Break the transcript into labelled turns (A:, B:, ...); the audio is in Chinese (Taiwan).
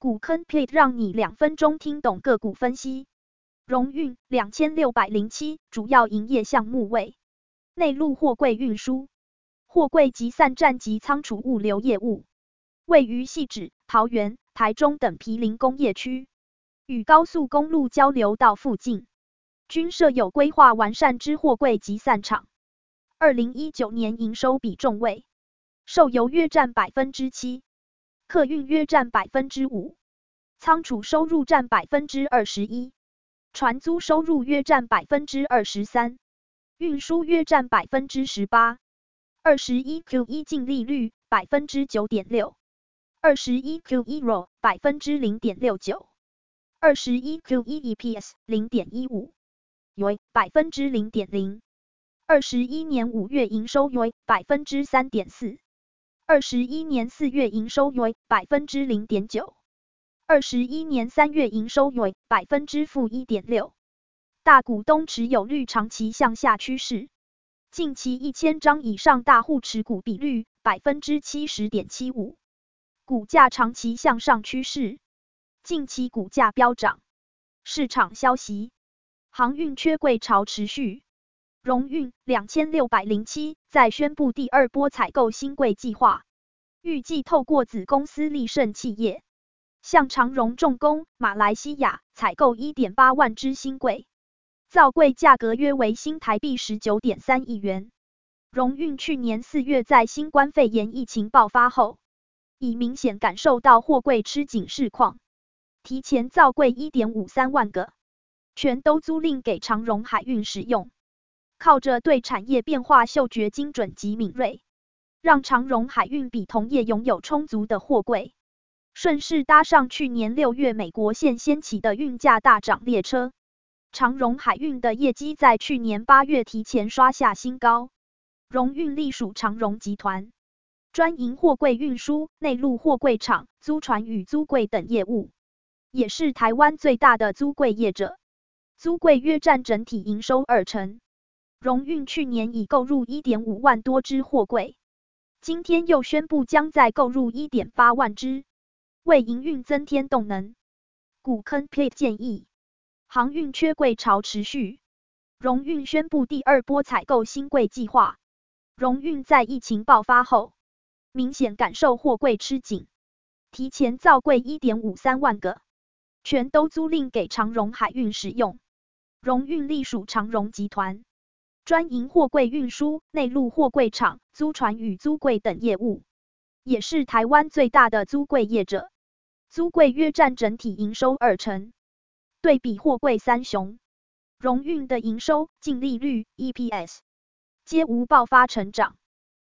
A: 股坑 plate 讓你兩分鐘聽懂個股分析。榮運兩千六百零七主要營業項目為內陸貨櫃運輸、貨櫃集散站及倉儲物流業務，位於汐止、桃園、台中等毗鄰工業區，與高速公路交流道附近均設有規劃完善之貨櫃集散場。二零一九年營收比重為售油約佔百分之七。客運約占百分之五，倉儲收入占百分之二十一，船租收入約占百分之二十三，運輸約占百分之十八。二十一 Q 一、e、淨利率百分之九點六，二十一 Q 一 ROE 百分之零點六九，二十一 Q 一、e、EPS 零點一五，約百分之零點零，二十一年五月營收約3.4%。百分之三點四。二十一年四月營收為百分之零點九，二十一年三月營收為百分之負一點六。大股東持有率長期向下趨勢，近期一千張以上大戶持股比率百分之七十點七五，股價長期向上趨勢，近期股價飆漲。市場消息，航運缺櫃潮持續。榮運兩千六百零七再宣布第二波採購新櫃計劃，預計透過子公司立盛企業向長榮重工馬來西亞採購一點八萬只新櫃，造櫃價格約為新台幣十九點三億元。榮運去年四月在新冠肺炎疫情爆發後，已明顯感受到貨櫃吃緊市況，提前造櫃一點五三萬個，全都租賃給長榮海運使用。靠着對產業變化嗅覺精準及敏銳，讓長榮海運比同業擁有充足的貨櫃，順勢搭上去年六月美國線掀起的運價大漲列車。長榮海運的業績在去年八月提前刷下新高。榮運隸屬長榮集團，專營貨櫃運輸、內陸貨櫃場、租船與租櫃等業務，也是台灣最大的租櫃業者，租櫃約占整體營收二成。榮運去年已購入一點五萬多隻貨櫃，今天又宣布將再購入一點八萬隻，為營運增添動能。股坑 plate 建議，航運缺櫃潮持續，榮運宣布第二波採購新櫃計劃。榮運在疫情爆發後，明顯感受貨櫃吃緊，提前造櫃一點五三萬個，全都租賃給長榮海運使用。榮運隸屬長榮集團。專營貨櫃運輸、內陸貨櫃場、租船與租櫃等業務，也是台灣最大的租櫃業者。租櫃約占整體營收二成。對比貨櫃三雄，榮運的營收、淨利率、EPS 皆無爆發成長。